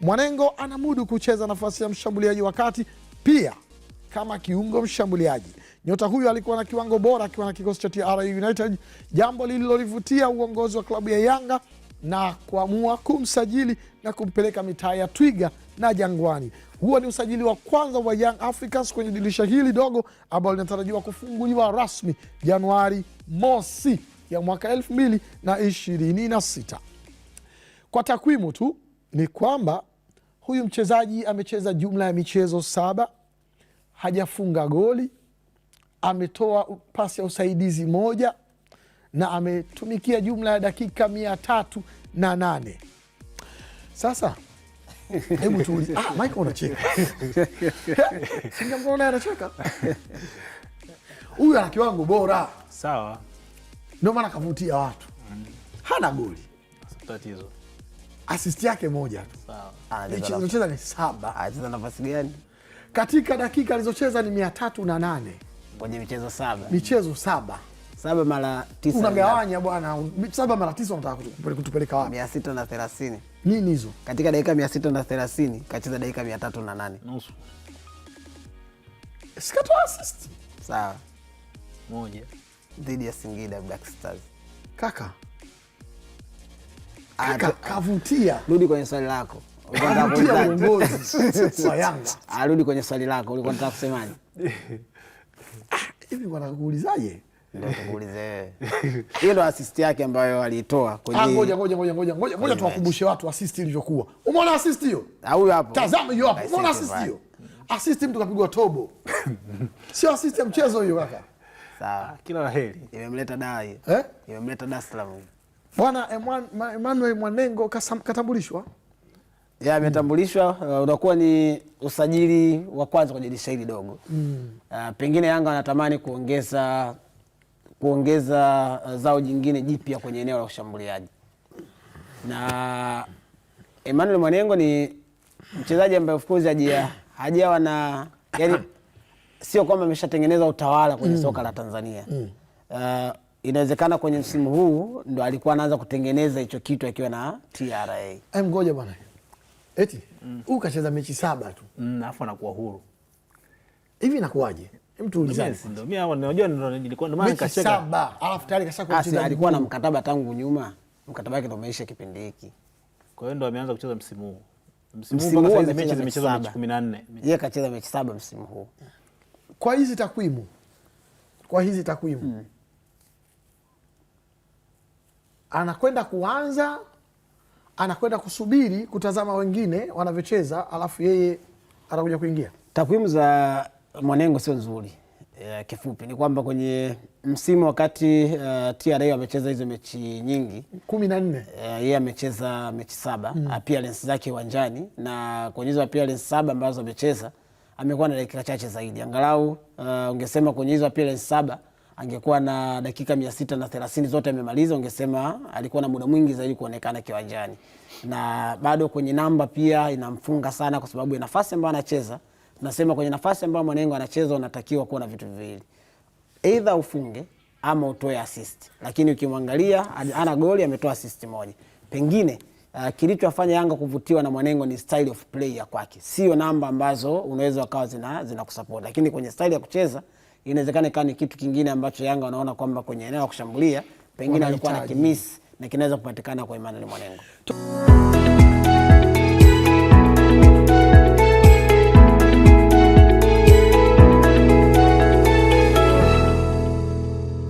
Mwanengo anamudu kucheza nafasi ya mshambuliaji wa kati pia kama kiungo mshambuliaji. Nyota huyo alikuwa na kiwango bora akiwa na kikosi cha TR United, jambo lililolivutia uongozi wa klabu ya Yanga na kuamua kumsajili na kumpeleka mitaa ya Twiga na Jangwani. Huo ni usajili wa kwanza wa Young Africans kwenye dirisha hili dogo ambalo linatarajiwa kufunguliwa rasmi Januari mosi ya mwaka 2026. Kwa takwimu tu ni kwamba huyu mchezaji amecheza jumla ya michezo saba, hajafunga goli, ametoa pasi ya usaidizi moja na ametumikia jumla ya dakika mia tatu na nane. Sasa hebu tuulize. Ah, unacheka singamona anacheka huyu ana kiwango bora, sawa, ndio maana akavutia watu, mm. hana goli tatizo asisti yake moja tu, alizocheza ah, ni saba. Anacheza nafasi gani? Katika dakika alizocheza ni mia tatu na nane kwenye michezo saba, michezo saba saba mara tisa unagawanya bwana, saba mara tisa unataka kutupeleka wapi? mia sita na thelathini nini hizo? Katika dakika mia sita na thelathini kacheza dakika mia tatu na nane nusu, sikatoa asisti sawa moja dhidi ya Singida Black Stars kaka kavutia. Rudi kwenye swali lako arudi ah, kwenye swali lako, ulikuwa unataka kusemaje? Ah, hivi wanakuulizaje? Hiyo ndo asisti yake ambayo aliitoa. Ah, ngoja ngoja ngoja ngoja ngoja ngoja, tuwakumbushe watu asisti ilivyokuwa. Umeona asisti hiyo? Huyu hapo, tazama hiyo hapo, umeona asisti hiyo? Asisti mtu kapigwa tobo, sio asisti ya mchezo hiyo kaka. Sawa, kila la heri. Imemleta daa hiyo, eh? imemleta Dar es Salaam. Bwana Emmanuel Mwanengo katambulishwa, ya ametambulishwa. Uh, utakuwa ni usajili wa kwanza kwenye dirisha hili dogo mm. Uh, pengine Yanga anatamani kuongeza kuongeza uh, zao jingine jipya kwenye eneo la ushambuliaji, na Emmanuel Mwanengo ni mchezaji ambaye of course hajia hajawa na yani, sio kwamba ameshatengeneza utawala kwenye mm. soka la Tanzania mm. uh, inawezekana kwenye msimu huu ndo alikuwa anaanza kutengeneza hicho kitu akiwa na TRA. Mgoja bwana, eti mm. huu kacheza mechi saba tu mm, afu anakuwa huru hivi, inakuwaje? Alikuwa na mkataba tangu nyuma, mkataba wake ndo umeisha kipindi hiki, kwa hiyo ndo ameanza kucheza msimu huu. yeye kacheza mechi saba msimu huu. Kwa hizi takwimu, kwa hizi takwimu anakwenda kuanza, anakwenda kusubiri kutazama wengine wanavyocheza, alafu yeye anakuja kuingia. Takwimu za Mwanengo sio nzuri. E, kifupi ni kwamba kwenye msimu wakati uh, eh, TRA amecheza hizo mechi nyingi kumi na nne eh, yeye amecheza mechi saba mm. appearance zake uwanjani na kwenye hizo appearance saba ambazo amecheza amekuwa na dakika chache zaidi angalau uh, ungesema kwenye hizo appearance saba angekuwa na dakika mia sita na thelathini zote amemaliza, ungesema alikuwa na muda mwingi zaidi kuonekana kiwanjani, na bado kwenye namba pia inamfunga sana, kwa sababu ya nafasi ambayo anacheza. Nasema kwenye nafasi ambayo Mwanengo anacheza unatakiwa kuwa na vitu viwili, aidha ufunge ama utoe assist, lakini ukimwangalia ana goli, ametoa assist moja. Pengine uh, kilichofanya Yanga kuvutiwa na Mwanengo ni style of play ya kwake, sio namba ambazo unaweza ukawa zina lakini kwenye style ya kucheza inawezekana ikawa ni kitu kingine ambacho Yanga wanaona kwamba kwenye eneo la kushambulia pengine alikuwa na kimisi na kinaweza kupatikana kwa Emmanuel Mwanengo.